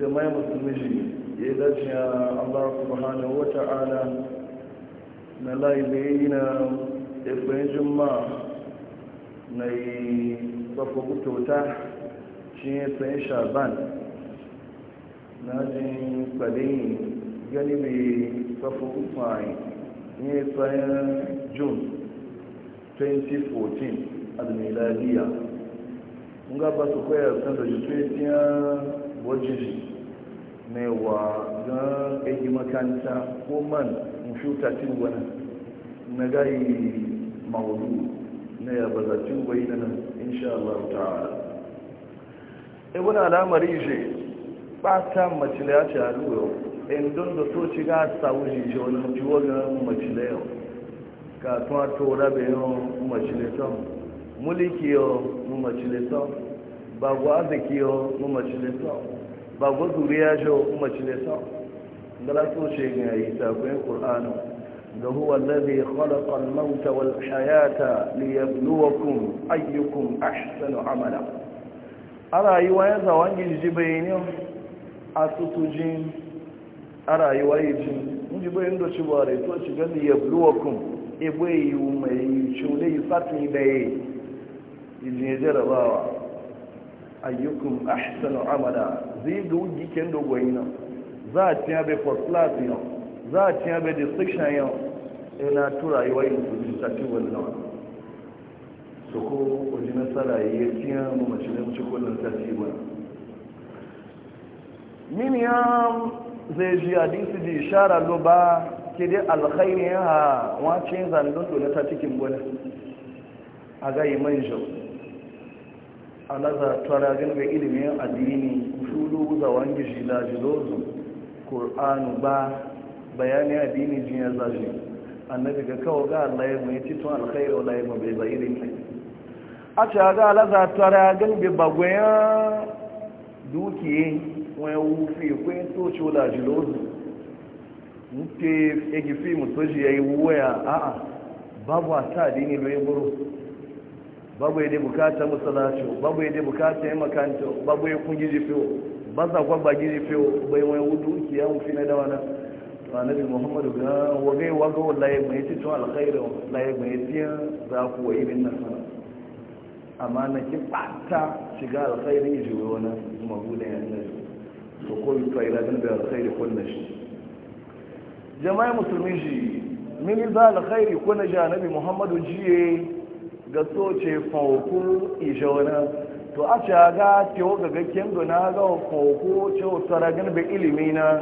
jama'i musulmi shi ya yi dace ya allah subhanahu wa ta'ala na laibe na ɗaifin juma na yi tsafa gutota shi ya tsaye shaban na jin kwalin gani mai tsafa ya yi tsayen june 2014 al-miladiyya nga ba su koya san yi jufe tiya wajen ne wa ga ɗaya makanta ko man in shuta cin wani na gayi maudu na ya baza cin wani nan insha Allah ta'ala e wani alamari shi ba ta macilaya ce a ruwa in don da so ci ga sa wuce ce wani ciwo ga macilaya ka tuwa to rabe yawan macilaya muliki yo mu macilisa bago arziki yo mu macilisa bago zuriya yo mu macilisa dala so ce ga yi takwai qur'ani da huwa alladhi khalaqa al-mauta wal hayata liyabluwakum ayyukum ahsanu amala a rayuwa ya zawon gijiji bayanin a tutujin a rayuwa yi jin inji bayan do ci ba rai to ci yabluwakum ebe yi mai chule yi fatin da yi izin jarabawa ayyukum ahsanu amala zai ga wuji ken dogo yi nan za a tiya bai for class yau za a tiya bai distinction yau ina tura yi wani su ta ci wannan nawa su ko waje nasara yi ya tiya mu mace da mace ko ta ci wani min ya zai ji hadisi ji ishara lo ba ke dai alkhairi ha wace zanen dole ta cikin gwada a ga yi man jau alaza tara galibin ilimin addini usulu zawon gishi lajilozun ƙur'anu ba bayanin addini jin ya zaji annabi ga kawo ga allah ya mai titon alkhairu allah ya mabai zai irin ne a ce ga alaza tara galibin bagwayan dukiye wani wufi kwen tocho lajilozun muke egifi mutoji ya yi wuya a'a babu a ta addini lo ya buru babu yadda bukatar masalacin babu yadda bukatar yin makanta babu yi kun gizi fiyo ba za sa kwabba gizi fiyo bai wani wudu ki ya mufi na dawa na annabi muhammadu ga wagai waga wallahi mai tito alkhairu laye mai tiya za ku wa na sana amma na ki bata shiga alkhairu ji wani magudan yan nan to ko yi tsayi ladin da alkhairu kullu shi jama'a musulmi shi min za alkhairu kullu ji annabi muhammadu jiye ga soce fauku ijona to a ce ga tewo ga gakken guna ga fauku ce tsara gan ilimi na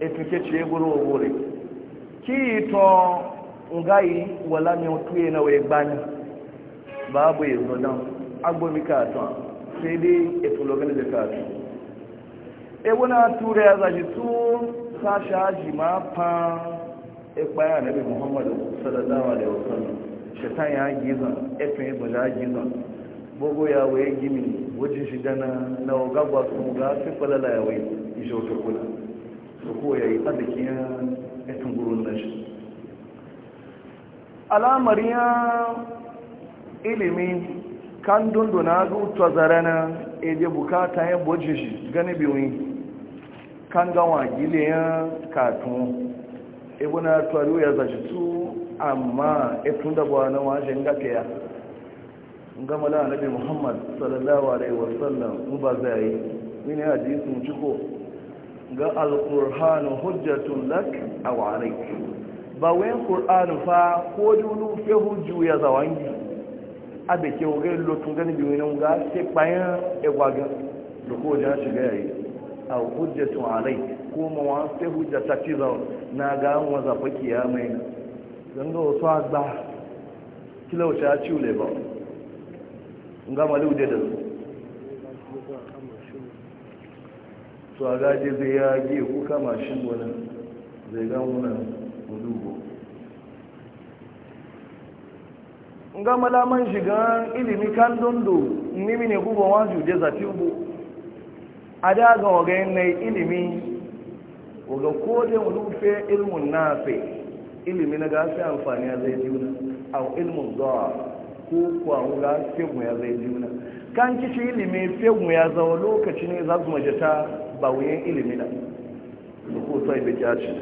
efike ce guro wuri ki yi to ngayi wala mi otuye na we gbani babu yezo dan agbomi katon sai dai etulogani da katon ebuna tura ya zaji tun sasha ji ma fa e na nabi muhammadu sallallahu alaihi wasallam shaitan ya gizon efin ibula gizon gbogbo ya waye gini, wajen shi dana na ogagwa sun ga fi falala ya waye ishe ta kula su ko ya yi tsadakin ya efin gurun na shi alamar ya ilimi kan dunduna zuwa zarana eje bukata ya boje shi gani biyu kan gawa gile ya katon, ibuna tuwaru ya zaci su amma ifin eh, da buwa na wajen gaka ya gama da annabi muhammad sallallahu alaihi wasallam ba zai yi mini hadisin ciko ga alkur'anu hujjatun lak a warai ba wayan kur'anu fa ko dulu fe hujju ya zawangi a da ke lo tun gani biyu nan e ga sai bayan egwagan da ko jan shiga yayi a hujjatun alai ko ma wa sai hujjata ci na ga wa zafa kiyamai zanga wasu agba kila wace ya ci ule ba nga mali ude da su to a gaji zai ya ge kuka mashin wani zai gan wuna gudugo nga malaman shiga ilimi kan dondo nimi ne gubo waju je zafi ubu a daga wagayen na ilimi waga kodin rufe ilmun nafe ilimi na gasi amfani ya zai juna a ilimin zuwa ko kuwa ga fegun ya zai juna kan kici ilimi fegun ya zama lokaci ne za su majata ba wuyen ilimi na da ko sai bai kyaci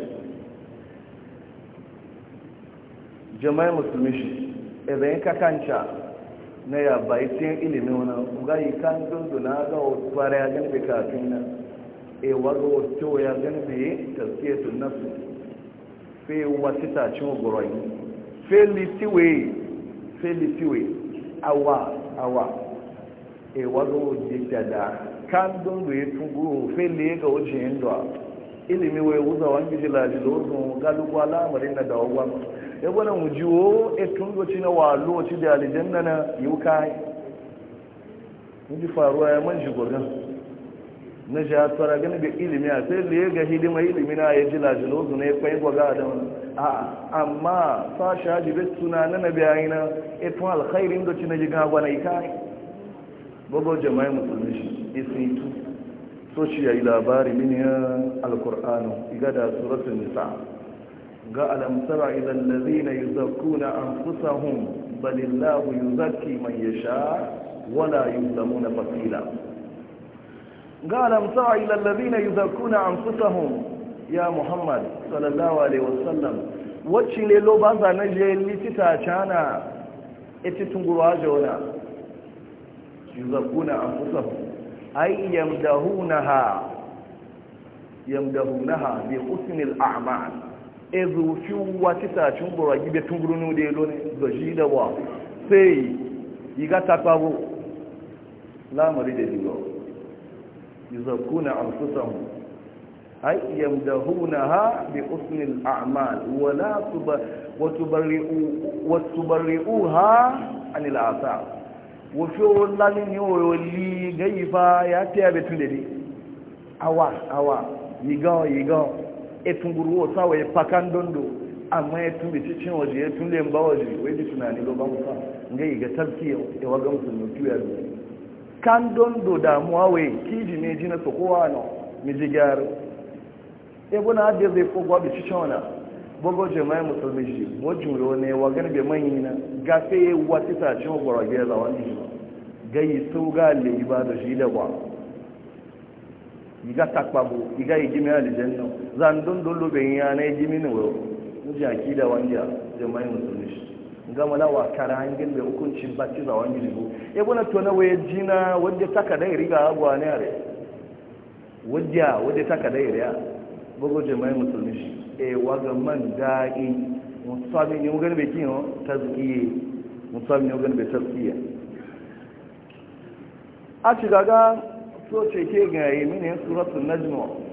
jama'i musulmi shi idan yanka kanca na ya bai tiyan ilimi wani ugayi kan na ga wasu ya gani bai kafin na ewa ga wasu ya gani bai tafiye tun nasu fe wa tita cin ogoroi fe litiwe fe litiwe awa awa e wago jidada kan don do etungu fe le ga oje ndo ilimi we uza wangi jila jilozo galu kwa la marinda da ogwa e bona mujiwo etungo cina wa lo ci da aljanna na yukai ndi faruwa ya manji gogan na ja tsara gani ga ilimi a sai liye ga hidima ilimi na ya ji lajilozu ne kwai gwaga da wani a amma sasha hajibe suna na na biyayi na ifin alkhairin da cina jiga gwana ikai babu jama'i musulmi shi isi tu so shi ya yi labari mini ya alkur'anu iga da suratun nisa ga alamsara idan an yuzakkuna hun balillahu yuzakki man sha wala na fasila galam sa'a ila alladhina yuzakkuna anfusahum ya muhammad sallallahu alaihi wasallam wacce ne lo ba za na je litita chana ita tunguruwa jona yuzakkuna anfusahum ay yamdahunaha yamdahunaha bi husn al a'mal ezu fi watita tunguruwa gibe tunguru nu de lo ne da wa sei yiga takwa bu la mari de digo يزكون أنفسهم أي يمدهونها بحسن الأعمال ولا تب... عن الآثار وفي الله ya يولي غيفا ياتي بتندي awa awa yigawa yigawa etun guru wata wa ya fakan dondo amma e tun cin waje e tun waje wai ji e e tunani lo ba musa yi ga tarki ya waga musulmi tuya kan don do damuwa wai kiji ne ji na sokowa no mi ji gyaru ebo na adiyar zai fogwa bi ci shona bogo jama'i musulmi ji mo juro ne wa gani bai manyi na gafe wata tashin gwara gida za wani ji gayi sau ga le ba da shi da ba iga takpabu iga igimi alijanna zan don don lobe yana igimi ne wa mu ji akida wani jama'i musulmi ji gama lawa kara hangin da hukuncin bacci za wani gizo ya gwana tona waye jina wadda dai riga abuwa ne a rai wadda wadda dai riya bugu jami'ai musulmi shi e waga man da'i musulmi ne wugan bai ta tazkiye musulmi ne wugan bai tazkiye a shiga gaga so ce ke ga yi mini suratun najmuwa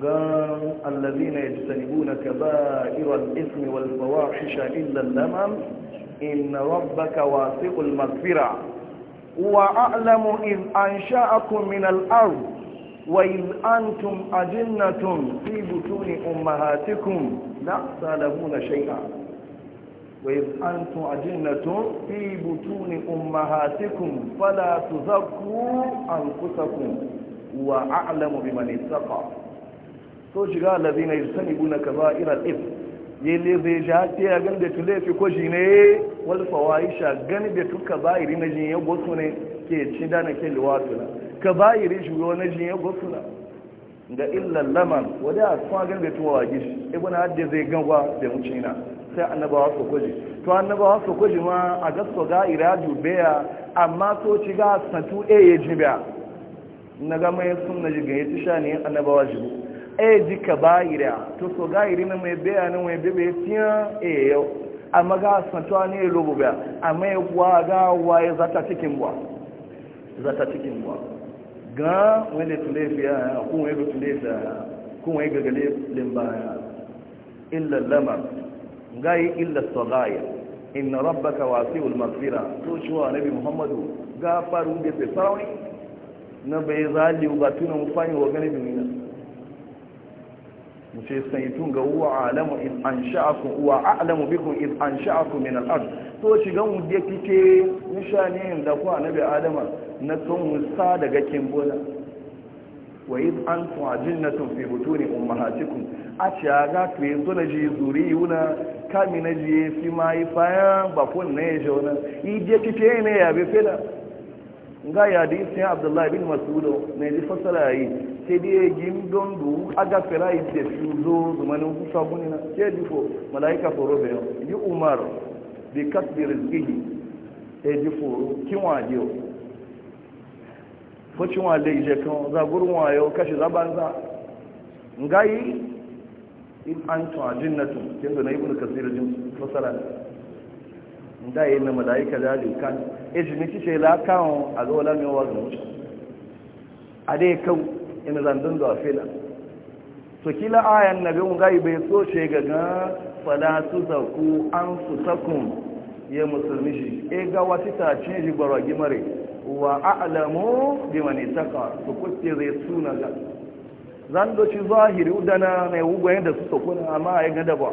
قام الذين يجتنبون كبائر الإثم والفواحش إلا اللمم إن ربك واسع المغفرة وأعلم إذ أنشأكم من الأرض وإذ أنتم أجنة في بطون أمهاتكم لا تعلمون شيئا وإذ أنتم أجنة في بطون أمهاتكم فلا تزكوا أنفسكم وأعلم بمن اتقى so shiga allazi na yusani buna ka ba iran if ya le zai haɗe a ya gan da tu laifi ko shi ne yi sha gani da tu ka ba na jin gosu ne ke ci da na ke na ka ba shi na wani ya gosu na ga illan laman wadda a kuma gan da tu wa gishi ibn haɗe zai gan da da na sai annabawa su kwaji to annabawa su kwaji ma a gasko ga iradu beya amma so ci ga santu e ya jibiya na ga mai sun na jiga ya tisha ne annabawa jibu E ji ka bayira to so gairi na mai beya na mai bebe tiya e yau amma ga santo ne ya lobo ba amma ya kuwa ga waye zata cikin bwa zata cikin bwa ga wani wanda ya? ko wanda ya? ko wanda gagale ya? illa lamar gai illa sagaya inna rabbaka wasi'ul maghfira to shuwa nabi muhammadu gafaru da sai sauni na bai zali ba tunan fani wa gani bi mace saitun ga wa alamu in an sha'aku uwa alamu bikun in an sha'aku min al'ad to shigan da kike nishani da ku annabi adama na mu sa daga bola wa id antum ajinnatun fi butuni ummahatikum a ci aga to yanzu na ji zuri yuna kami na ji fi mai faya ba kun ne jona ije kike ne ya be fela ga ya di sai abdullahi bin mas'ud ne di fasara yi sai dai ya gi don du aga fera yi da su zo zumanin kusa guni na ke jifo malaika foro bayan yi umar bi kasbi rizgihi e jifo kinwa diyo focin wa lai je kan zagurin wayo kashe zabanza ngayi in an tuwa jinnatun kin da na ibn kasir jin fasara da yi na malaika da kan ejimi kice sheila kan a zo mi wa zuwa a kan ina zandun da fila to kila ayan nabi mun gai bai so she gaga fala su zaku an su takum ya musulmi shi e ga wata ta cin shi baragi mare wa a'lamu bi man ittaqa to ce zai suna ga zando ci zahiri udana ne ugo yanda su na amma ya ga da ba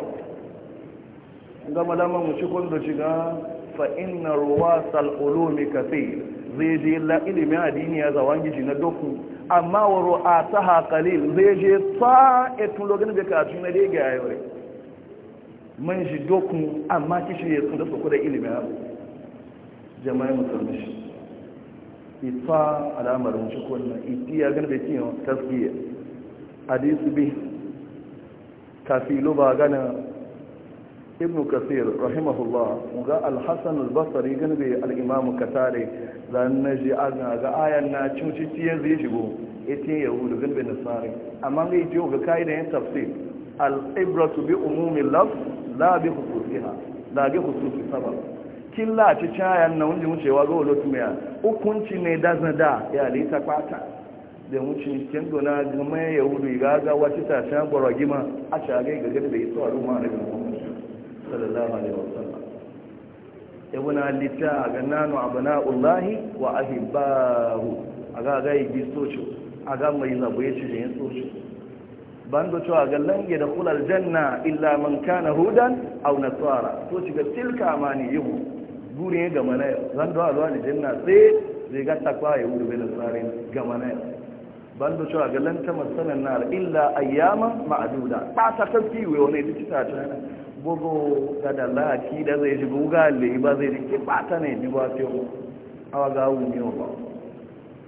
ga malama mu ci kun da shiga fa inna ruwasal ulumi kathir zai je la ilmi adini ya zawangi na doku amma wa ru'ataha qalil zai je fa etun login da ka tun da ga yayi man shi dokun amma kishi ya tsunda su da ilimi ha jama'a musulmi shi ita al'amarin shi ko iti ya gani da kiyo tasbiya hadisi bi kafilu ba gana ibn kasir rahimahullah ga alhassan albasari ganbe al'imam katare zan na ji aga ga ayan na cuci ya zai shigo ita yahudu ganbe nasari amma ga ita ga ka'ida yin tafsir su bi umumin laf la bi hususiha la bi hususi sabab killa ci cayan na wunji wucewa ga walotu mai hukunci ne da zada ya lita kwata da wuce kin dona game yahudu ga ga wata tashan gwaragima a shagai ga ganbe ita wa ruma mu. sallallahu alaihi wasallam ibuna litta ga nanu abna'ullahi wa ahibbahu aga ga yi socho aga mai zabo yace ne yin socho bando to aga lange da kula aljanna illa man kana hudan aw nasara to shiga tilka amani yubu gure ga mana zan do ni janna sai zai ga takwa ya wuce bin tsarin ga mana bando to aga ta masalan nar illa ayyama ma'duda ta ta kafi wani ta ta bugu ga da laki da zai ji buga le ba zai ji kibata ne ji ba ce awa ga wu ne ba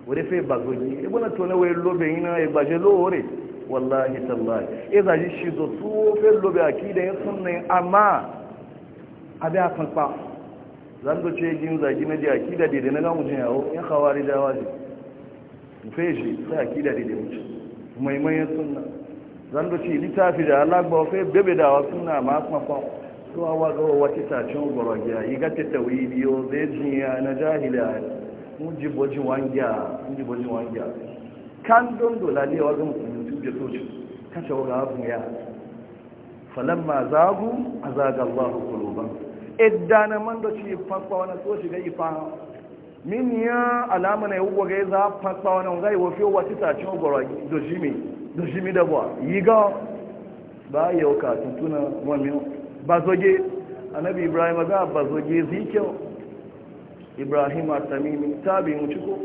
wuri fe ba goji e bona to na wai lobe ina e ba je lore wallahi tallahi e za ji shi zo su fe lobe akida yin sunne amma abi a kan pa zan do ce jin zagi na ji da de na ga mutun yawo in khawari da wazi fe shi sai akida da de mutun mai mai sunna zan ci littafi da alagba fe bebe da wasu na masu mafa to a waga wa wata tacin gwaragiya yi gata tawi biyo zai jiya na jahila mun ji boji wangiya ji kan don dola ne wajen mutu da su je so ci kace wa ga abu ya falamma zagu azaga Allahu quluban iddana man da ci fasfa wani so shiga ifa min ya alama yi wugo ga za fasfa wani ga yi wa wata tacin gwaragiya dushimi da yiga yi ga ba yau ka tutuna wani bazoge annabi ibrahim ga bazoge zikyau ibrahim a tamimi tabi mu ciko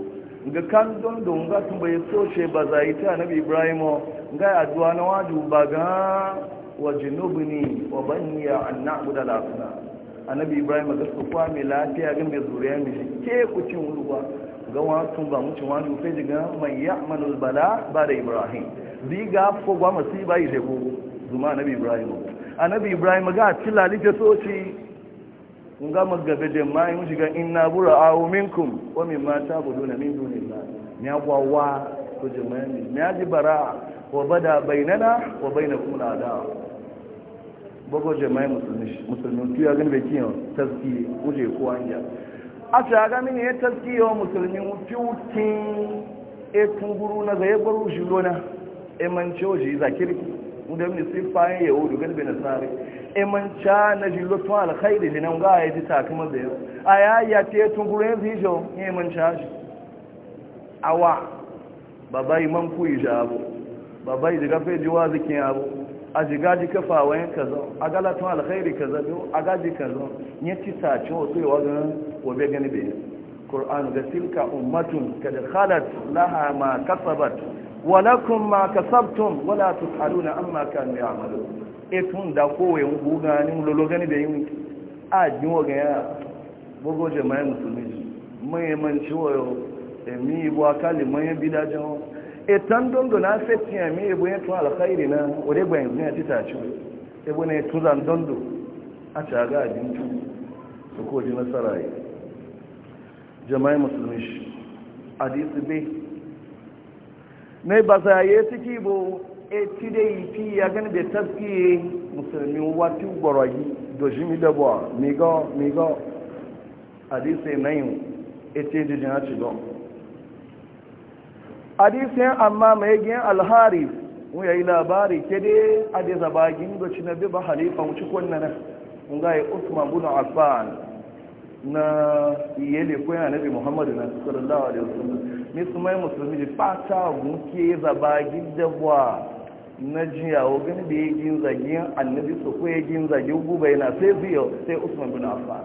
ga kan don don ga tun bai soce ba za yi ta annabi ibrahim ga addu'a na waju ba ga wa junubni wa baniya an na'budu al-asnam ibrahim ga su kwa mai lafiya ga mai zuriya mai ke ku cin ruwa ga wasu ba mu cin wani sai daga mai ya'manul bala ba da ibrahim riga ko gwa masiba yi da gogo zuma anabi ibrahim annabi ibrahim ga tilla lita soci kun ga magabe da ma mun shiga inna a minkum mata mimma ta'buduna min dunillah ne gwawa ko jama'a ne ji bara wa bada bainana wa kuna da bago jama'a musulmi musulmi tuya gani da kiyan taski kuje ko anja a shaga mini ya taski yawan musulmi fiutin ekun guru na zai baro shi lona emanci oji za kirki wanda mini sai fayin yahudu galibin nasari emanci na ji lotun alkhairi ji nan ga ya ji takama da yau a ya ya ce tun gure yanzu ijo ya emanci haji awa baba imam ku yi abu baba yi jiga fai jiwa zikin abu a jiga ji kafa wayan kaza a ga galatun alkhairi kaza biyu a gaji kaza ya ci tace wasu yawa ganin wabe gani bai Kur'an ga tilka ummatun kada khalat laha ma kasabat walakum ma kasabtum wala tusaluna amma kanu ya'malu etun da kowe ngu ni lolo gani da yin a jin wa gaya bogo jama'a musulmi mai man ciwo e mi bo akali mai bida jawo etan dondo na fetin mi bo yin to alkhairi na ore gba yin e ne tita ci e bo ne to zan dondo a ta ga jin tu su ko ji nasara yi musulmi hadisi bai mai ba sa yi suke bo e ti da yi fi ya gani da taskiye musulmi wati gbaragi da shi mi dabuwa migo migo hadisai na yi yin e ce jijin a cigon hadisai amma mai gina alharis mun yayi labari ke dai a da zabagin da shi na bi ba halifa wuce kwanan ga yi usman bin affan na iyele ko yana nabi muhammadu na sallallahu alaihi wasallam mai musulmi ji fata gunke zaba gidabwa na jiya wa gani da ya gin zagin annabi su ko ya gin zagi guba yana sai biyo sai usman bin affan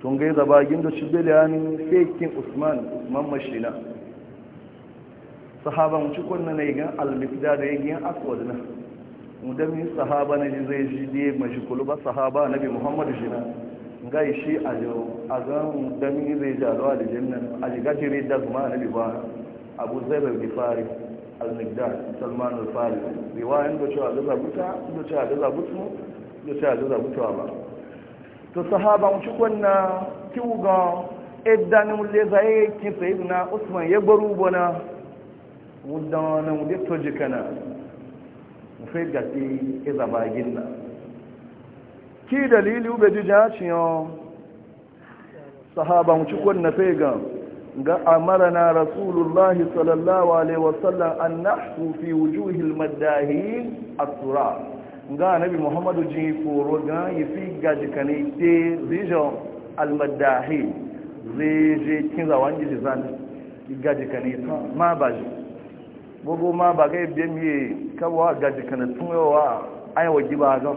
tun gai zaba gindo shi bele yanin fekin usman usman mashina sahaban ci kunna na yin al-mikda da gin akwad na mudamin sahaba na ji zai ji da mashi kuluba sahaba nabi muhammadu jina. gai shi a yau a zan dami zai ji alawa da jinnan a shiga shi da kuma a abu ba abu bi fari al nigda salman al-fari a da buta inda ce a cewa butu inda ce a da zabutuwa ba to sahaba mu cikon na kiwuga idan e le zai e ki sayyidina usman ya gbaru bona mudan na mudan to jikana mu fai gati izabagin e na ki dalili ube ji jaciyan sahaba sahaban cikon na fega ga amarana rasulullahi sallallahu alaihi wasallam an nahsu fi wujuhil a asura ga anabi muhammadu ji foro ga yi fi gajikane te zijon almaddahin zai je kin zawon gizi zan gajika ta ma ba ji gbogbo ma ba ga ibe miye kawo gajikane tun yawa ayawa giba gan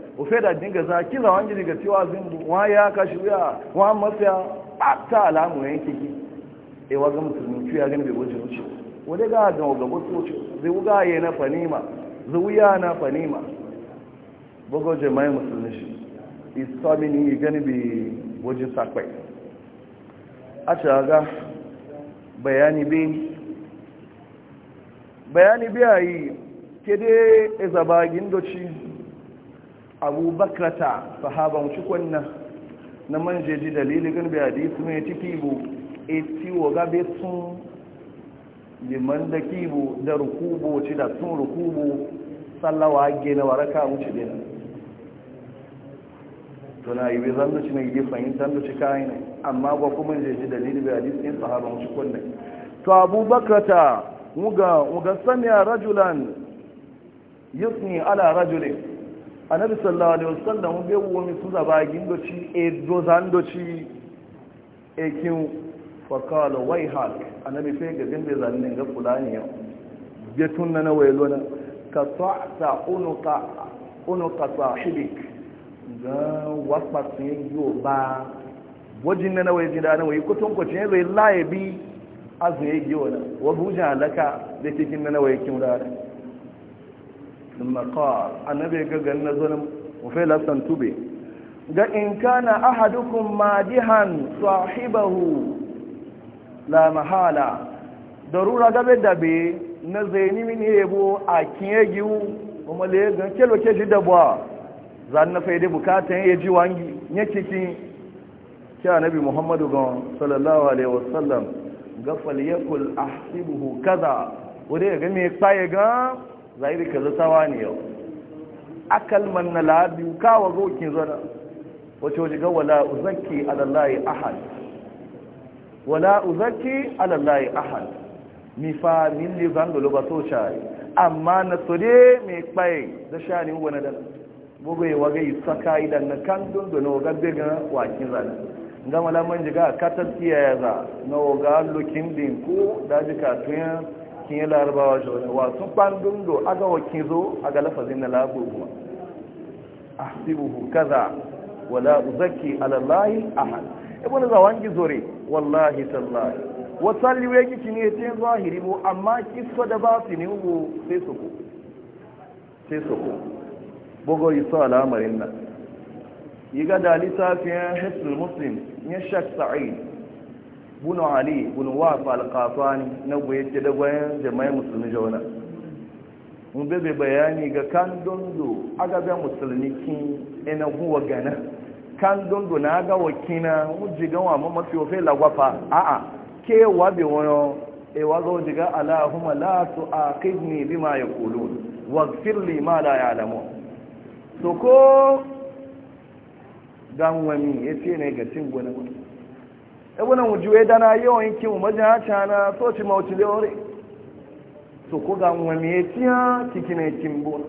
ufe da dinga za kila wani daga cewa zimbu wa ya kashi ya wa mafiya ɓata alamu ya yanke ki e waga ga musulmi ya gani bai wuce wuce wani ga ga ga wasu wuce zai wuga ya na fanima zuwa na fanima bugo jama'i musulmi shi islami ni gani bai wuce sakwai a shaga bayani bai bayani biya yi kede ezabagin doci abubakrata sahaban shi kwanna na manje ji dalili gan bai hadisi ne ti bu e ciwo gabe sun liman da kibu da rukubo ci da sun rukubo sallawa na waraka mu ci dena to na yi zan ci na yi fahimta da ci kai ne amma ba kuma je ji dalili bai hadisi ne sahaban shi kwanna to abubakrata muga muga samiya rajulan yusni ala rajulin annabi sallallahu alaihi wasallam be wo mi su zaba gindo ci e dozando ci e kin fa kala wai hak annabi sai ga ginde zanne ga fulani ya be tunna na waylo na ka ta'ta unuka unuka sahibik ga waspa sai yo ba wajin na waye jida na waye kutun ko cin zai laibi azu yayi wala wa buja laka da cikin na waye kin da ثم ga النبي قال نزل وفي لسن تبي قال Da كان أحدكم مادحا صاحبه لا محالة ضرورة قبل دبي نزيني من يبو أكيجيو kuma da ya ganke ke shi dabuwa za na faide bukatan ya ji wangi ya ciki kya nabi muhammadu gan sallallahu alaihi wasallam gafal yakul ahsibuhu kaza wadda ya ga me ga. zahiri ka zata ne yau Akalman na labi kawo gokin zana wace wajen ga wala uzaki alallahi ahad wala uzaki alallahi ahad mi fa nili zan zangalo ba so shari amma na tsode mai kpai da shani wani da bugai wagai saka idan na kan dunduno gabbe ga wakin zana gama lamun jiga katar tiyaya za na waga lokin din da jika tuyan kin yi larabawa jona wasu ɓangundo aga wakin zo ga lafazin na labubuwa a sibuhu kaza wala uzaki alallahi ahad ibn zawangi zore wallahi tallahi wata liwe kici ne ta yin zahiri mu amma so da ba su ne sai su ku sai su ku bugo yi sa al'amarin nan yi ga dalisa fiye hisul muslim ya shak sa'id bunu ali bunu wafa alkafani na goyace da bayan jama'in musulmi jauna mun bebe bayani ga kan dondo agabe musulmi kin ina huwa gana kan dondo na aga wakina wujiga wa ma mafi ofe lagwafa a'a ke wabe wani ewa ga wujiga alahuma la tu'aqidni bima yaqulun waghfir li ma la ya'lamun wa ko dan wani yace ne ga cin gona ebuna wujuwe dana yawan ki mu majin hacha na so ci mauci da wuri to ko ga mu me tiya kiki ne kimbo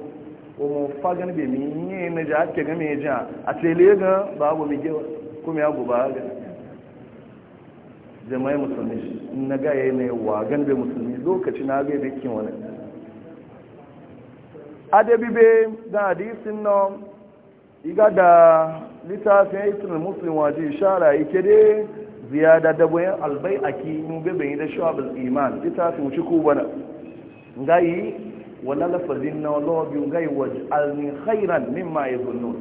o mu fagan be mi ne na ja ke ga me ja a tele ga babu mi gewa kuma ya guba ga jama'i musulmi na ga yayi ne wa gan be musulmi lokaci na ga bikin wani adabi be da hadisin nan iga da littafin islam muslim waje shara ike dai ziyada da bayan albai a gaba yi da shawabul iman ita su wuce ko bana gayi wa lafazin na wala bi ngayi waj'alni khairan ya zunnu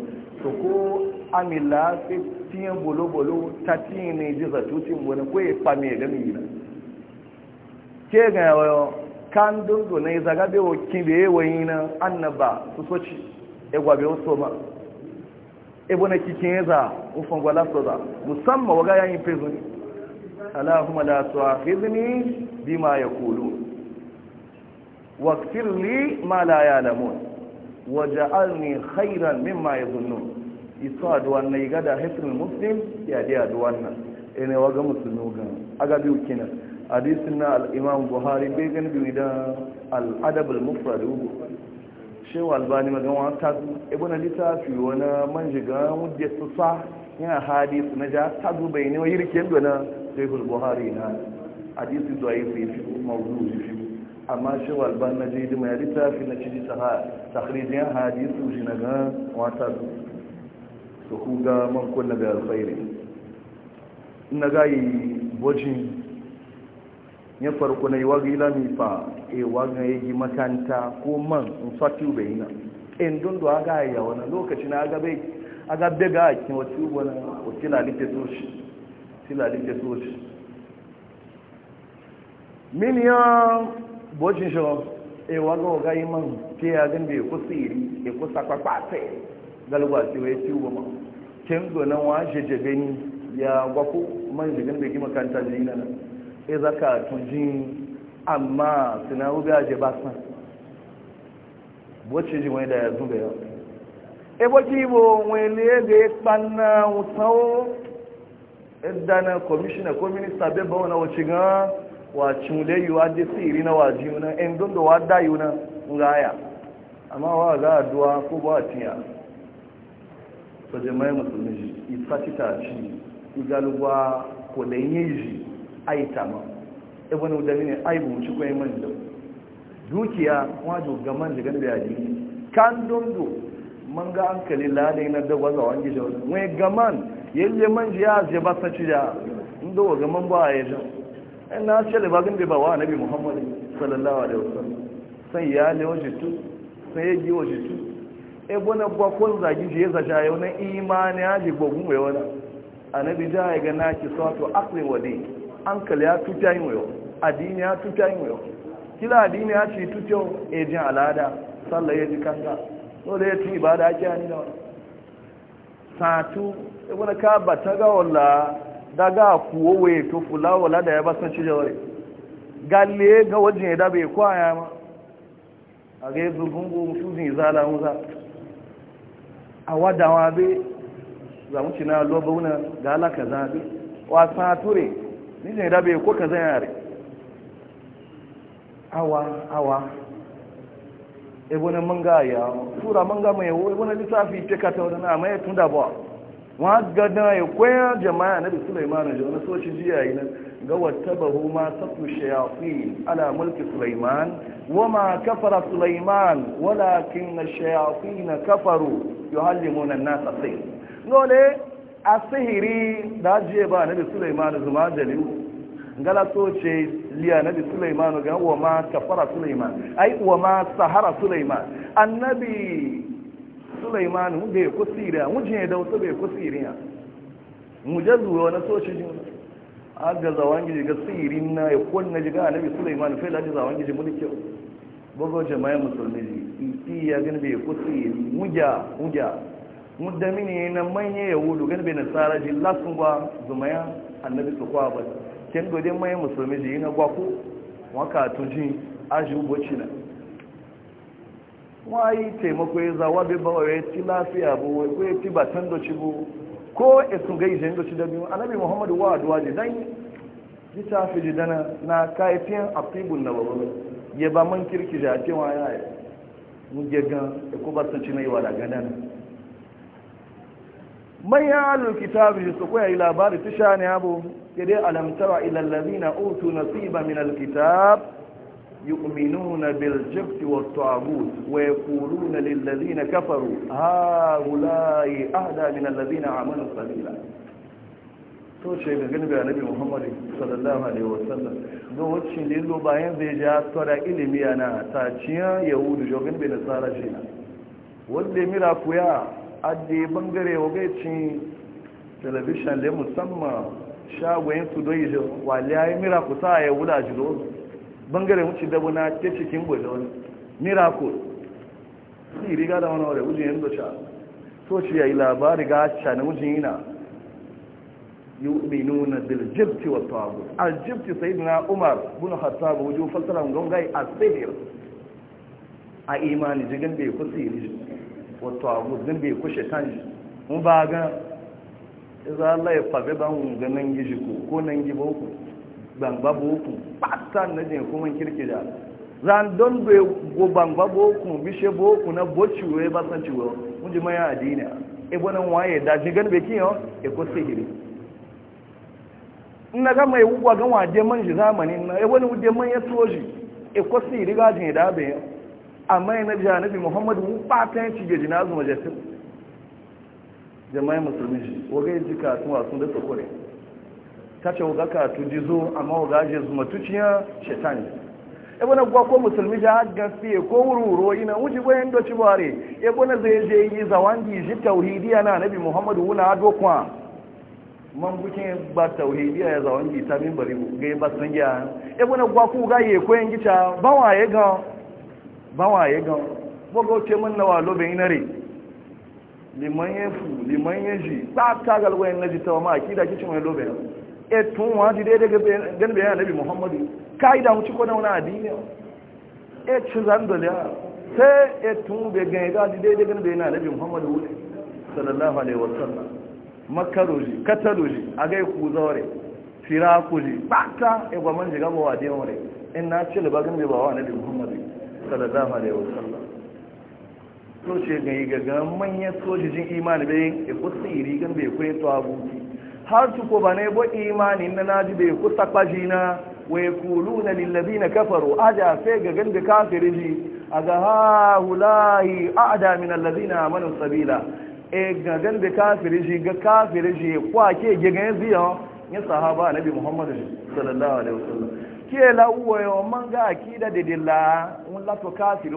to ko amila fi tiyan bolo bolo tiyan ne ji zatu wani ko ya fami ga mi na ke ga yo kan dundu ne zaga be wo kin be wo annaba su soci ya gwabe so ma ebona kikin za ufan gwala za musamman waga yayin prison Allahumma la tu'akhidhni bima yaqulun waghfir li ma la ya'lamun waj'alni khayran mimma yadhunnun isa duwan ne iga da hisnul muslim ya da duwan nan ene waga musulmi ga aga bi ukina hadisin na al-imam buhari bai gani bi da al-adab al-mufrad shewa albani magawa ta ibina littafi wani man shiga wadda su sa yana hadisu na ja tazu bai ne wani rikin da na shekul buhari na hadisi zuwa yi fi fi mawuzu shi fi amma shewa albani na jidi mai fi na ciji takrijin hadisu shi na gan wata su su kuga man kunna da alfairi na gayi bojin ya farko na yi nifa, ilami fa e ga ya yi makanta ko man in sati ube ina in dundu aga ya wani lokaci na aga bega a kin wata ubo na otila lite soshi otila lite soshi miliyan bocin shi e ga oga yi man ke ya zin da e ya kusa iri ya kusa kwakwata galiba ce ya ci ubo ma kin nan wa jebe ni ya gwako man jigin da gima kanta jina na e zaka tujin amma suna ube aje basa. san ji wani da ya zube ya e bocci bo wele ga ya kpanna wusawo idda e komishina ko minista beba wani wacce ga wacin da yiwuwa da siri na waji yuna in don da wada nga ngaya amma wa za a duwa ko ba a tiya so jama'i musulmi ji ifati ta ci igaluwa ko da yin aita ma ibn udami ne ai bu ci dukiya wajo ga man da ganda yaji manga ankali man ga hankali ladai na da waza wangi da wani wai ga man yalle ya je ba ta ci da inda wa ga man ba ya da na ce da bagin da ba wa nabi muhammad sallallahu alaihi wasallam sai ya le waje tu sai ya ji waje tu e bona bwa kon zagi je za ja yau imani ya ji gogun wai wani annabi da ya ga naki sato aqli wa din ankali ya tuta yin wayo adini ya tuta yin wayo kila adini ya ce tuta jin al'ada sallah ya ji kanta da ya ci da ake hannu da wani satu ya wani ka ba ta ga wala daga kuwa waye to fula wala da ya basa ci jawari galle ga wajen ya dabe kwaya ma a ga yi musu mutum zala muza a wadawa be zamuci na lobauna ga alaka zabe wa ture nijin da bai ko ka kaza yare awa awa ebona manga ya Tura manga mai wo ebona lisafi te ka ta wadana mai tun da ba wa gada ya koya jama'a na Sulaiman da na soci jiya yi nan ga wattabahu ma satu shayatin ala mulki Sulaiman wama kafara Sulaiman walakin ash-shayatin kafaru yuallimuna an-nasa sayy dole a sihiri da ajiye ba nabi sulaimanu zuma jaliu galato ce liya nabi sulaimanu ga uwa ma kafara suleiman ai wa ma sahara Suleiman annabi sulaimanu bai ku siriya mujin da wasu bai ku siriya muje zuwa na soci jin aga zawan gidi ga sirin na ya kunna jiga annabi sulaimanu fa laji zawan gidi mulki bugo jama'a musulmi iti ya gani bai ku siri muja muja mudda ne na manyan yahudu gani bai nasara ji lasun ba zumaya annabi su kwa ba ken godin manyan musulmi ji na gwako waka tuji aji uboci na wayi taimako ya zawa bai bawa ya ci lafiya bu wai ko ya ci can doci bu ko ya sun gai zai doci da biyu annabi muhammadu wa aduwa ji dan ji ta fi ji dana na kaifin afibun na babu ya ba man kirki da wa ya yi mu gegan ya ko ba sun ci na wa daga dana. ya alul kitabi su koya yi labari ta sha ne abu ke dai alamtara ilallazi na otu nasiba min alkitab yu'minuna na jibti wa tagut wa na lil ladina kafaru Ha haula'i ahda min alladhina amanu salila? to ce ga ganin bayan nabi muhammad sallallahu alaihi wasallam ga wacce ne zo bayan zai ja tsara ilimi na ta ciya yahudu jogin bai nasara ce wanda mira kuya adi bangare wagacin telebishan da musamman shagoyin su don yi wali ya yi miracle sa ya wula jiro bangare wuce dabu na ta cikin gwada wani miracle yi riga da wani wadda wujin yin sha so shi ya yi labari ga sha na wujin yana Yi bil jibti wa tawagut al sai na umar hatta khattab wujin fasara a asir a imani da ya kusa yi wato abu bai kushe tanji mun ba ga iza Allah ya fabe ba mun ga nan gishi ko ko nan gi ba ku ban ba uku. ku patta na je kuma kirki da zan don bai go ban ba bo ku bishe bo ku na boci we ba san ciwo mun ji mai adina e bona waye da ji gan be kiyo e ko sihiri ina ga mai wuwa ga waje man shi zamanin na e wani wuje man ya toji e ko sihiri ga jin da be amma yana ji annabi Muhammadu mu fatan ci ga jinazu majalisun jama'a musulmi shi waga yi katun wasu da tsakure ta ce waga katu jizo amma waga je zuma tuciya shetani ebe na gwakwa musulmi ji har gaske ko wurwuro ina wuce bayan doci bare ebe na zai je yi zawangi shi tauhidiya na annabi muhammad wuna dokwa man bukin ba tauhidiya ya zawangi ta min bari ga ba sun gya ebe na gwakwa ga yi koyan gita ba wa ya ga bawa ya gan gbogbo ke mun na walo bai nare liman ya fu liman ya ji ba ta galwa yin naji ta ma akida kicin wani lobe ya e tun wa ji daidai gan bayan nabi muhammadu ka yi da mutu ko da wani adini e ci zan dole ya sai e tun bai gan ya ji daidai gan bayan nabi muhammadu wuri sallallahu alaihi wasallam makaroji kataroji a gai ku zaure firakuji ba ta e gwamnati jiga ba wa dewa rai in na ce liba gan bai ba wa nabi muhammadu sallallahu alaihi sallam to ce ga yi gaga manyan sojojin imani bai ya kusa iri gan bai kuwa to abuki har su ko bane bo imani na naji bai kusa kwajina wa yaquluna lil ladina kafaru aja sai ga gan da ji aga ha ulai a'da min ladina amanu sabila e ga gan da ji ga kafiriji kwake ga gan ziyo ya sahaba annabi muhammad sallallahu alaihi wa sallam ke la uwe o manga akida de de la un la to kafiri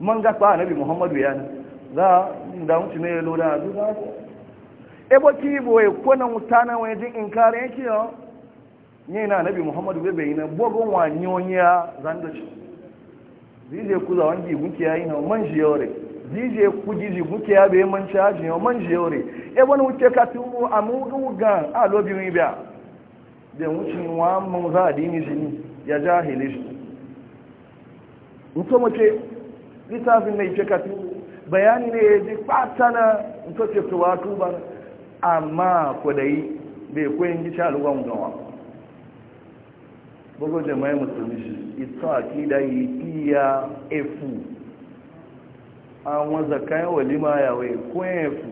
manga pa muhammadu ya za da un tine lo da du za e bo ki bo e ko na mutana we din inkare yake ni na muhammadu be be na man jiyore zije ku jiji gunki ya be man chaji ka da wucin wa'amman za a dini shi ya jahile shi mutu mace littafin mai ce katu bayani ne ya ji fatana mutu ce tuwa tuba amma kwadayi bai kwayin ji shaluwan gawa bugu jama'i musulmi shi ita akida yi fiya efu an wanzaka yawon lima yawai kwayin efu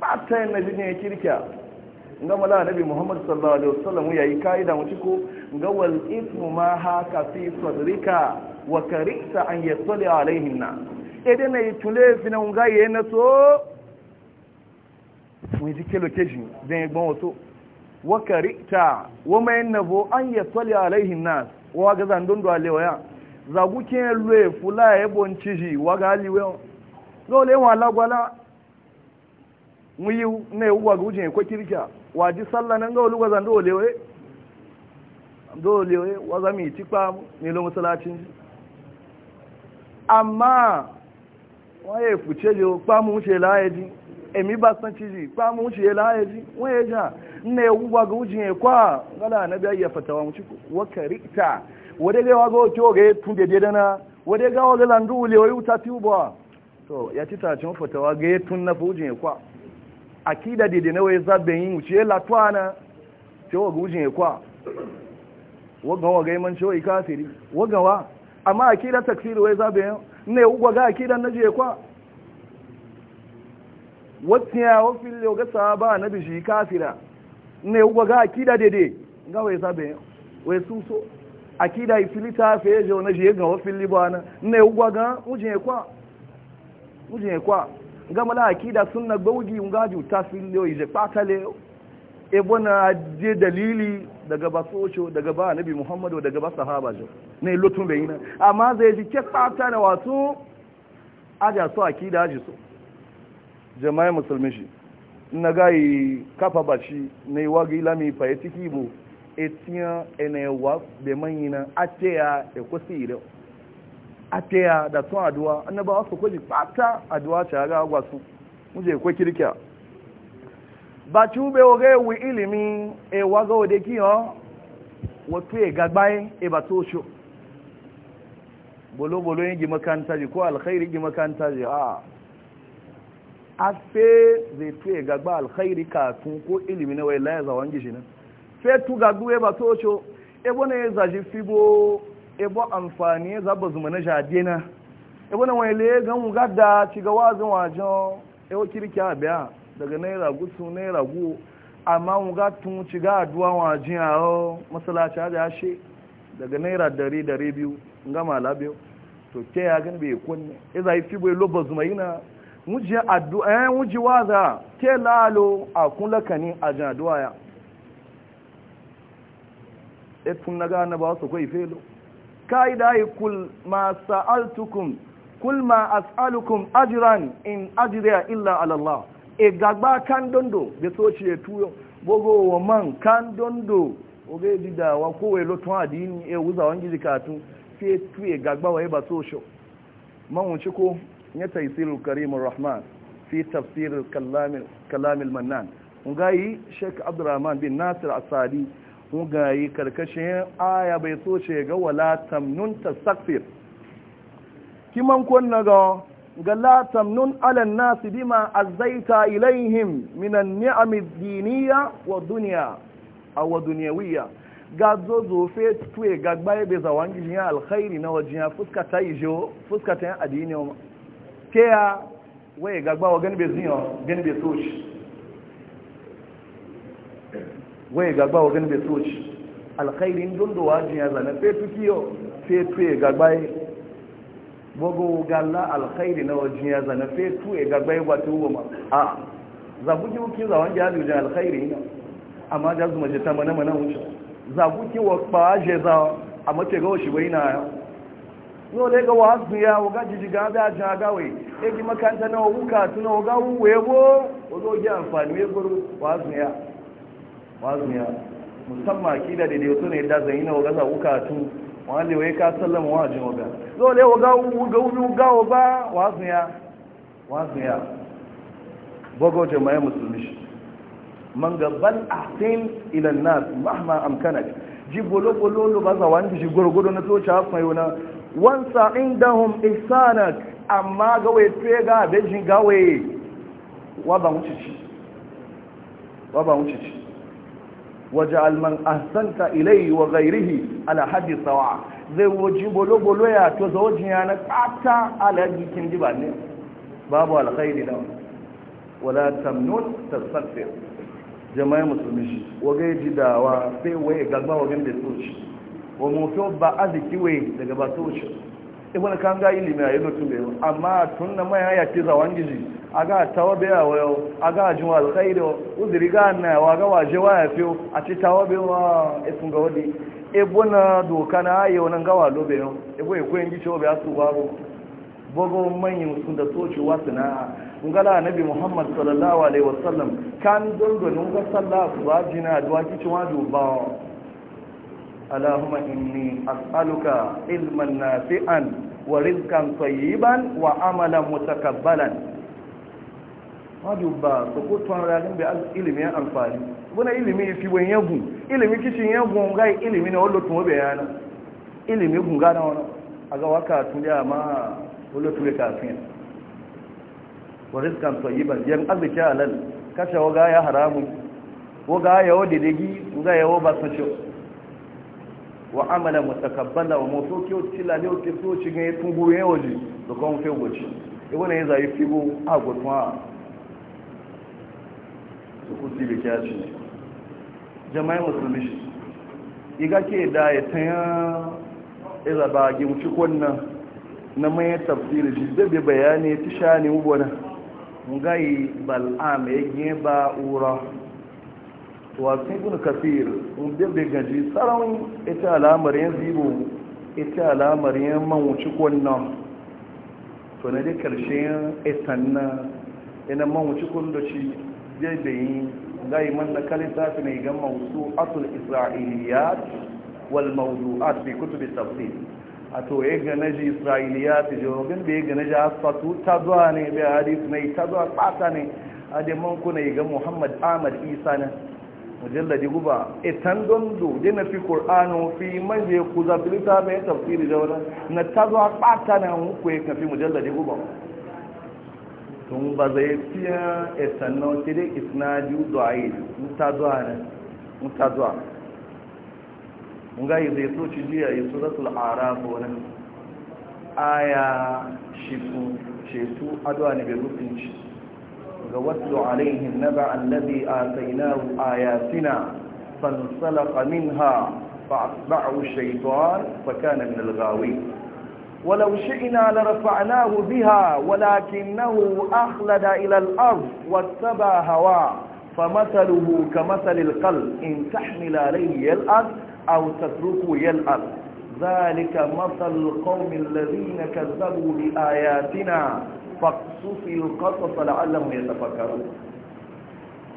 fata na jini ya kirkiya nga mala annabi muhammad sallallahu alaihi wasallam ya yi kaida mu ciko ga wal ismu ma haka fi sadrika wa karikta an yasali alaihin na ede na yi tule fina nga yi na so mu yi kelo keji zan yi gbon wato wa karita wa yi nabo an yasali alaihin na wa ga zan dondo alewa ya zagu ke lwe fula ya e bonciji wa ga aliwe ga ole wa lagwala muyi na yawuwa ga wujin kwa kirkiya waji sallah nan ga oluwa zan dolewe dolewe waza mi tikpa nilo musalacin amma waye fuce jo pa mu ce layeji emi ba san ciji pa mu ce wa waye ja na yawuwa ga wujin kwa ngala na biya ya fatawa mu ciko wa karita wade ga wago to ga tun de dedana wade ga wago zan dolewe uta tiuba to ya tita cin fatawa ga tun na fujin kwa akida dede na waye zaben yin wuce latwana ce wa gujin kwa wagan wa ga iman cewa ikafiri wagan wa amma akida takfiri waye zaben ne ugwa ga akida na je kwa watiya wa fil ga sahaba na bi kafira ne ugwa ga akida dede ga waye zaben waye suso akida ifilita fejo na je ga wa libana ne ugwa ga ujin kwa kwa gama la akida sunna gbogi ngaju ta fillo ije patale ebona je dalili daga ba socho daga ba annabi muhammadu daga ba sahaba jo ne lotun bai yi amma zai ji ke patale wasu aja so da aji so jama'i musulmi shi na gayi kafa na yi wagi lami fa yatiki bu etiyan enewa wa be manina ateya e kwasi ire ataya da sun aduwa annabawa su kwaji fata aduwa ta ga agwa su muje kwa kirkiya ba ci ube oge ewu ilimi ewa ga ode kiyan wato e gagbaye e ba to sho bolo-bolo yin gima kanta ji ko alkhairi gima kanta ji a afe zai to e gagba alkhairi kafin ko ilimi na wai laye zawon gishi nan fe tu gagbu e ba to sho e bane ya zaji fibo ebo amfani zaba zuma na na ebo na wani legan gada ci ga wazin wajen ewo kirki a biya daga naira gutsu naira gu amma mu ga ci ga aduwa wajen a masalaci a da shi daga naira dari dari biyu nga mala to ke ya gani bai kunne iza e yi fibo ba zuma yana adu addu'a eh wuji waza ke lalo a kun lakani a jan ya e na naga na ba su kai felo kaida yi kul ma sa’altukun kul ma as'alukum ajiran in ajiriya illa alallah Allah e gagba kan dondo da so ci e tuyo bogo wa man kan dondo oge dida wa ko we lo ton adini e wuza wangi zikatu fi tu e gagba wa e ba so sho man wuce ko ya taisirul karimun rahman fi tafsirin kalamil mannan ngai sheik abdurrahman bin nasir asadi mugayi karkashin aya bai so ce ga wala tamnun tasakfir kiman kunna ga ga tamnun ala nasi bima azaita ilaihim minan an-ni'am ad-diniyya wa dunya aw dunyawiya ga zozo fe tuwe gagba ya be zawangi jiya alkhairi na wajiya fuska ta ijo fuska ta adini ke ya waye ga wa gani be zinyo gani be so shi wai gagba wa gani bai soci alkhairin dundu wajin ya zane fetu kiyo fetu ya gagba ya gbogbo gala alkhairi na wajen ya zane fetu ya gagba yi gwata uwa ma a zabuki wuki za wani jihar yujin alkhairi na amma jazu mace ta mana mana wuce zabuki wa kpaje za a mace gawa shi bai na ya no le ga wazu ya waga jijiga da ajin agawai egi makanta na wuka tuna waga wuwe bo wazo ji amfani ya guru wazu ya wazumiya musamman akida da dai ne da zan yi na waga za ukatu wale wai ka sallama wa jin waga dole waga ga wuri gawo ba wazumiya wazumiya bago jama'a musulmi shi man gaban ahsin ila nas mahma amkanak ji bolo bolo lo ba za wani ji gurgudu na to cha fa yona wansa inda indahum ihsanak amma ga wai pega bejin gawe wa ba wuce ci wa ba wuce ci waj'al man ahsanta ilayhi wa ghayrihi ala haddi sawa zai waji bolo bolo ya to zawjiya na tsata ala gikin dibane babu alkhairi da wala tamnun tasaffir jama'a musulmi waga jidawa sai waye gagba wagan da shi wa mutu ba aziki waye daga ba shi ibn kan ga ilimi ayi mutum amma tunna mai ya ce zawangiji aga tawabe awayo aga juma alkhairu udiriga na waga waje waya fiyo a ci tawabe wa ifunga wadi ebo na doka na ayo nan gawa lobe yo ebo e kwen gicho be asu babu bogo manyan sun da toci wasu na ngala nabi muhammad sallallahu alaihi wasallam kan dondo nun ga sallah su ba jina duwa gicho wa inni as'aluka ilman nafi'an wa rizqan tayyiban wa amalan متقبلا wadu ba ko ko tuwan ranin bai ilimin amfani ilimi fi wani yagun ilimi kishin yagun ga ilimi na wallo tun wabe yana ilimi gun gana wani a ga waka tun da ma wallo tun da kafin wa rizkan tsayiban yan arziki kashe waga ya haramun waga ya wadda dagi ya waba wa amala mutakabbala o so ga ya tungu ya waje da gwaci zai fi bu kusi da kyashi jama'i musulmi shi iga ke da ya tanya iza ba gimci kwanna na mayan tafsiri shi zabe bayani ta sha ne wubana ngayi bal'am ya gina ba ura wasu ibn kafir inda bai gaji tsaron ita alamar yin zibo ita alamar yin mawuci kwanna to na dai karshen itan na ina mawuci kwanna shi zai da yi zai man na kalita fi mai gan mausu asul isra'iliyat wal mawdu'at kutu bi tafsir a to ya gane ji isra'iliyat jawabin da ya gane ji asfatu ta zuwa ne bai hadith mai ta zuwa tsata ne a da man kuna ya ga muhammad ahmad isa na mujalladi guba itan dondo da na fi qur'anu fi manje ku zabilita bai tafsiri da wannan na ta zuwa tsata ne ku ya kafi mujalladi guba tun ba zai fiye etanno sai dai isnadu da'id mutadwa mun ga zai so jiya yi suratul araf wani aya shifu shetu adwa ne bai rufin shi ga wasu alaihin a allazi atainahu ayatina fansalaqa minha fa'atba'ahu shaytan fa kana min tsakanin nalgawai ولو شئنا لرفعناه بها ولكنه أخلد إلى الأرض واتبع هواه فمثله كمثل القلب إن تحمل عليه يلأت أو تتركه يلأت ذلك مثل القوم الذين كذبوا بآياتنا فاقصف القصص لعلهم يتفكرون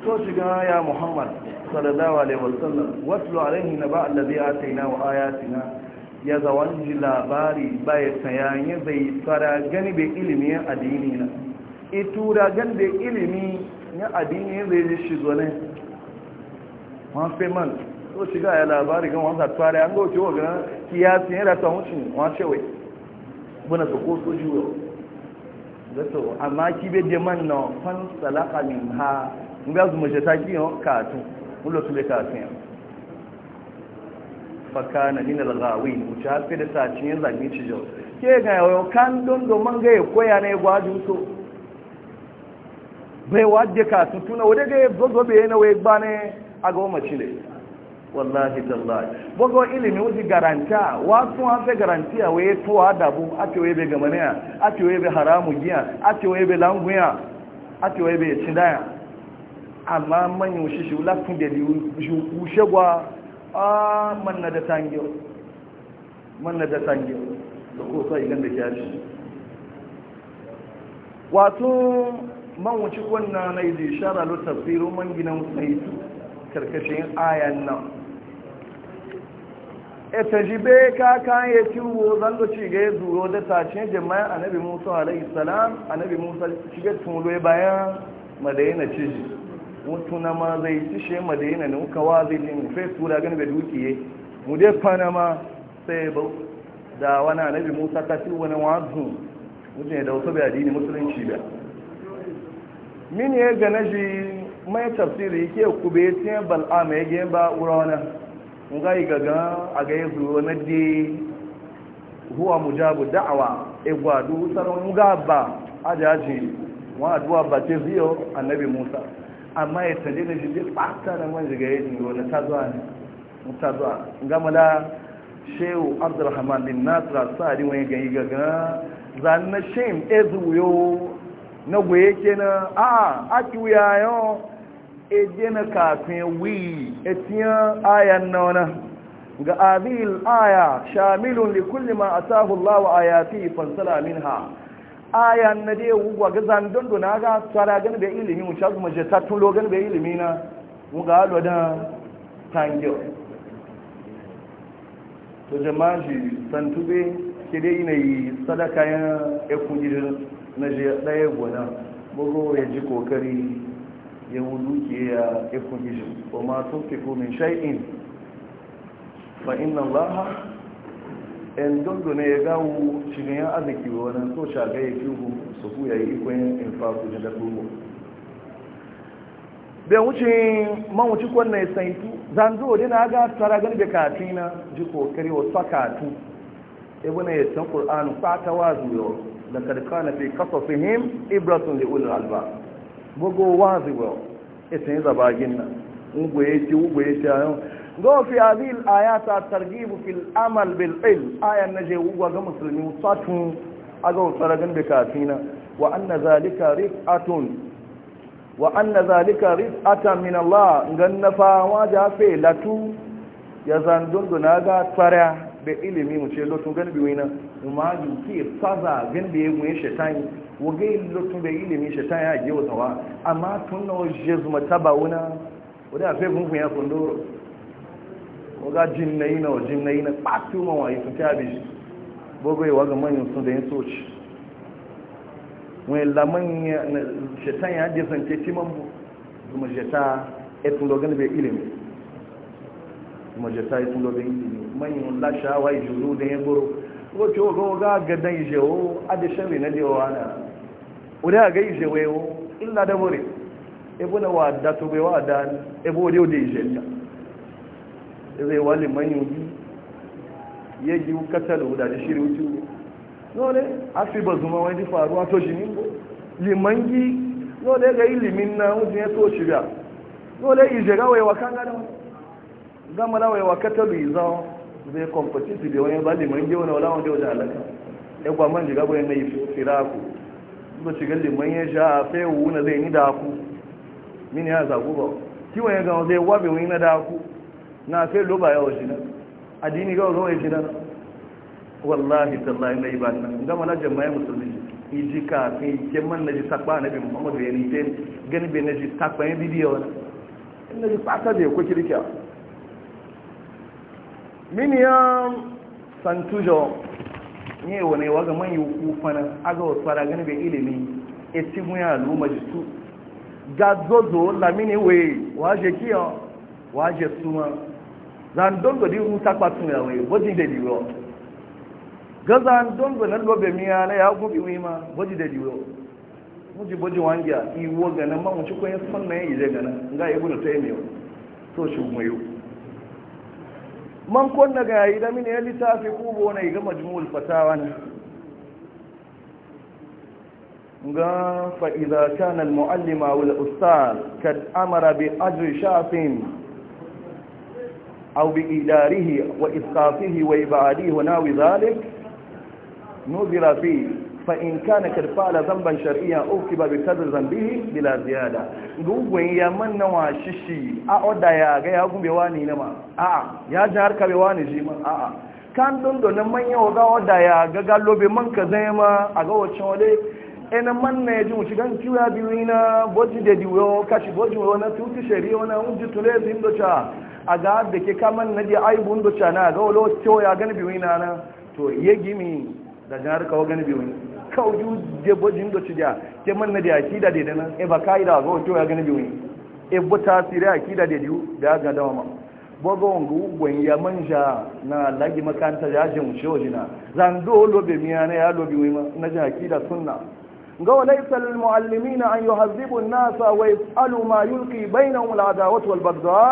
توشق يا محمد صلى الله عليه وسلم واتلوا عليه نباء الذي آتيناه آياتنا ya zawan ji labari baya sayayi zai fara gani bai ilimi ya adini na itura gani bai ilimi ya adini zai ji shi zone mafi man so shiga ya labari gan wasa fara ya gauce wa gana kiyasi ya rata huncin wace wai buna su ko so jiwo zato amma ki kibe je man na fan salaka min ha in ga su mace ta yau? katun mulo su le katun ya fakana min al-ghawi mutu hafi da sacin yanzu mi ci jo ke ga yau kan don do man ga koya ne gwaju so bai wadde ka su tuna wade ga zo zo be ne wai ba ne a ga mu ci ne wallahi tallahi bogo ilimi wuji garanta wasu hafi garantiya wai to adabu ake wai be gamaniya ake wai be haramu giya ake wai be languya ake wai be cindaya amma manyan shi shi lafin da liyu shi kushe gwa a manna da tangiyo manna da tangiyo da ko sai ganda kyashi wato man wuce wannan na izi shara lo tafsirin man ginan saitu karkashin ayan nan ita e jibe ka kan ya wo zan da ci ga ya zuro da tashin jama'a annabi musa alaihi salam annabi musa shiga tun bayan madaina ciji wasu na ma zai ci shi madina ne muka wazi ne mu fai tura gani bai dukiye mu dai panama ma sai ba da wani annabi musa ta ci wani wazu mutane da wasu bai adini musulunci ba min ya gana shi mai tafsiri ke kube tiyan bal'a mai gen ba wurana nga ga gaga a ga yi zuwa na de huwa mujabu da'awa egwadu sarau nga ba ajaji wa aduwa ba ce ziyo annabi musa amma ya taje na shi zai ɓata da man shiga ya jingo na ta zuwa ne ta zuwa gama da shehu abdulrahman bin sa sa'adi wani gani gaga zane na shem ezuyo na goye kenan a aki wuya yau e je na kafin wi e tiya ayan na wana ga abil aya shamilun likulli ma atahu Allah wa ayati fansala minha aya na dai wugwa ga zandon do na ga tsara gani bai ilimi mu cha kuma je ta tulo gani bai ilimi na mu ga halo da tangyo to jama'a ji tube ke dai ne yi sadaka ya e kujin na je daya gona bugo ya ji kokari ya wudu ke ya e kujin kuma sun fi ko min shay'in fa inna allaha yan dundu ne ya gawo shirin yan arziki wa wani so shaga ya ku ya yi ikon in faku da dafugo bai wuce man kwanne ya saitu zanzu da na ga tara gani katina ji kokari wa sakatu e ya san qur'an fata wazu yo da karkana fi qasasihim alba bugo wazu ita ne zabagin ya ci go fi azil ayata targibu fil amal bil ilm ayan naje wuwa ga musulmi satun aga usaragan da kafina wa anna zalika rifatun wa anna zalika rifatan min Allah gannafa waja fe latu ya na dunaga tsara da ilimi mu ce lotun gan biwina umma ju ki tsaza gan da yemu shetani wage lotun da ilimi shetani ya gewa tawa amma tunno jezma tabawuna wadda fe gungun ya kundoro waga jin na yi na wa jin na yi na ɓatu ma wa yi su ta bi bugai waga manyan su da yin soci wani laman shetan ya je zance timan bu kuma sheta etun dogon bai ilimi kuma sheta etun dogon ilimi manyan lasha wa juru da ya buru ko ce waga waga gadan yi jewo adishan rina da yawa na wani a ga yi jewo illa da bure ebo na wa da to wa da ebo da yau da yi jenta zai wali manyan yi ya yi katar da wudaje shirin wuce dole a fi ba zuma wani faruwa to shi nimbo liman yi dole ga ilimin na wuce ya to shi N'o dole yi jira wai wakan gada gama na wai wakatar da izawa zai su da wani ba liman yi wani wala wanda wajen alaka ya man jiga bai mai firaku zuba shigar liman ya sha sai wuna zai ni da ku mini ya zagu ba kiwon ya gama zai wabi wani na da ku na fe loba yawa shi nan addini gawa gawa ya shi nan wallahi tallahi na ibadu nan gama na jama'a musulmi iji kafin keman na ji takpa na bi muhammadu ya nite gani bai na ji takpa ya bidiyo wani in na ji fata da ya kwa kirkiya mini ya santujo ne wane waga man yi kufana aga wasu fara gani bai ilimi eti mu ya al'umma ji su ga la mini we waje kiyo waje suma zan dongo di ruta kwatun ya wai wajen da diwo ga zan dongo na lobe miya na ya gobe wi ma wajen da diwo muji boji wangiya iwo gana ma muci kun san na yi je gana ga ibu da tayi mewa to shi mu yo man kon na ga yi da mini ya litafi kubo na ga majmul fatawa ne ga fa kana al muallima wal ustaz kad amara bi ajri shafin أو بإداره وإسقافه وإبعاده وناوي ذلك نذر فيه فإن كان قد فعل ذنبا شرعيا أوكب بقدر ذنبه بلا زيادة غوغن يا من نوا ششي أودا يا غا أقوم بواني نما آ يا جار كبواني جيما آ kan don don man yawa ga wada ya ga gallo be man ka zai ma a ga wacce wale ina man ne ji wuce gan kiwa biyu na boji da diwo kashi boji wani tuti shari'a wani hujji tule zin docha a ga da ke kaman na je aibun da cana ga wala cewa ya gani biyu na na to ya gimi da janar kawo gani biyu kawju je bojin da cija ke man na je akida da dana e ba kai da ga cewa ya gani biyu e bo tasiri akida da diu da ga dawa ma bogo ngu gwen ya manja na lagi makanta ya jin mu cewa jina zan do lobe miya na ya lobe wi ma na je akida sunna قالوا ليس للمعلمين أن يهذبوا الناس ويسألوا ما يلقي بينهم العداوة والبغضاء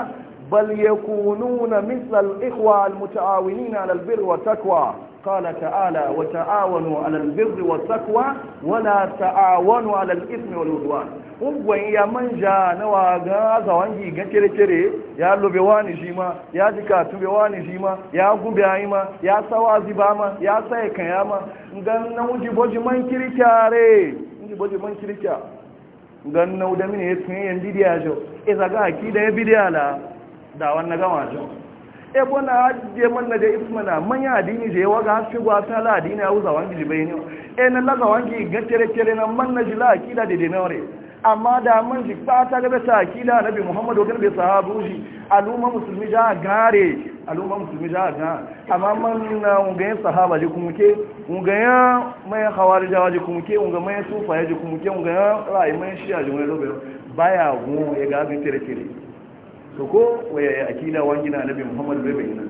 بل يكونون مثل الإخوة المتعاونين على البر والتقوى قال تعالى وتعاونوا على البر والتقوى ولا تعاونوا على الإثم والعدوان ungwan ya manja na waga za wangi ga kere-kere ya lobe wani shi ma ya ji katube wani shi ma ya gube yi ma ya sawa ziba ma ya saye kaya ma gan na wuji boji man kirkya re wuji boji man kirkya gan na mini ya da wannan gama shi ebo na je man na da isma na manya adini je wa ga fi gwa ta la adini au wangi je bayani e na la wangi ga tere tere na man na ji la akida de denore amma da man ji fata ga ta akida nabi muhammad wa garbe sahabu ji aluma musulmi ja gare aluma musulmi ja ga amma man na unga sahaba ji kuma ke unga ya mai khawarija ji kuma ke unga mai sufa ji kuma ke unga ya shi mai shi'a ji mai lobe baya go ya ga ga tere tere so ko waya akida wangina annabi muhammad bai na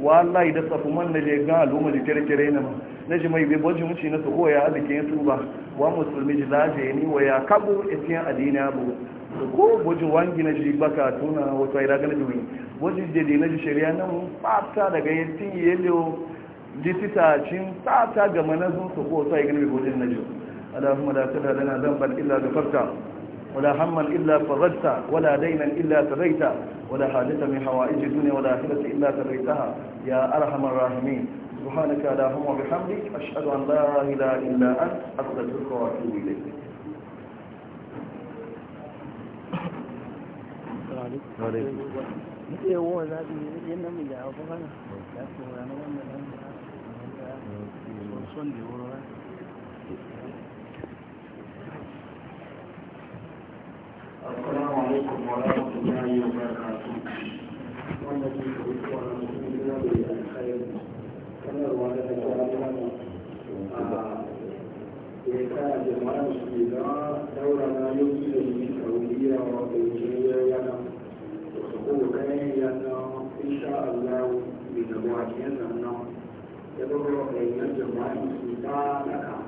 wallahi da safu man na je ga al'umma da kere kere na ma na ji mai bai bajin muci na su oh, ya a bikin su ba wa musulmi ji laje ni waya kabo etiyan adina bu ko boji wangi na ji baka tuna wata ira gana jiwi boji dede na ji shari'a nan fata daga yantin yelo ji cin fata ga manazin su ko sai gani bai bojin na ji Allahumma la zan dhanban illa ghafarta ولا هما إلا فرجت ولا دينا إلا تريت ولا حاجة من حوائج الدنيا والآخرة إلا تريتها يا أرحم الراحمين سبحانك اللهم وبحمدك أشهد أن لا إله إلا أنت أستغفرك وأتوب إليك السلام عليكم ورحمة الله وبركاته والذي يريد أن يكون بالخير كما وعدنا تعالى يسعى جماعة المسلمين دورنا يمكن من أولية وبيجية لنا وحقوق لنا إن شاء الله بنبواتنا لنا يدعو إلى جماعة المسلمين لك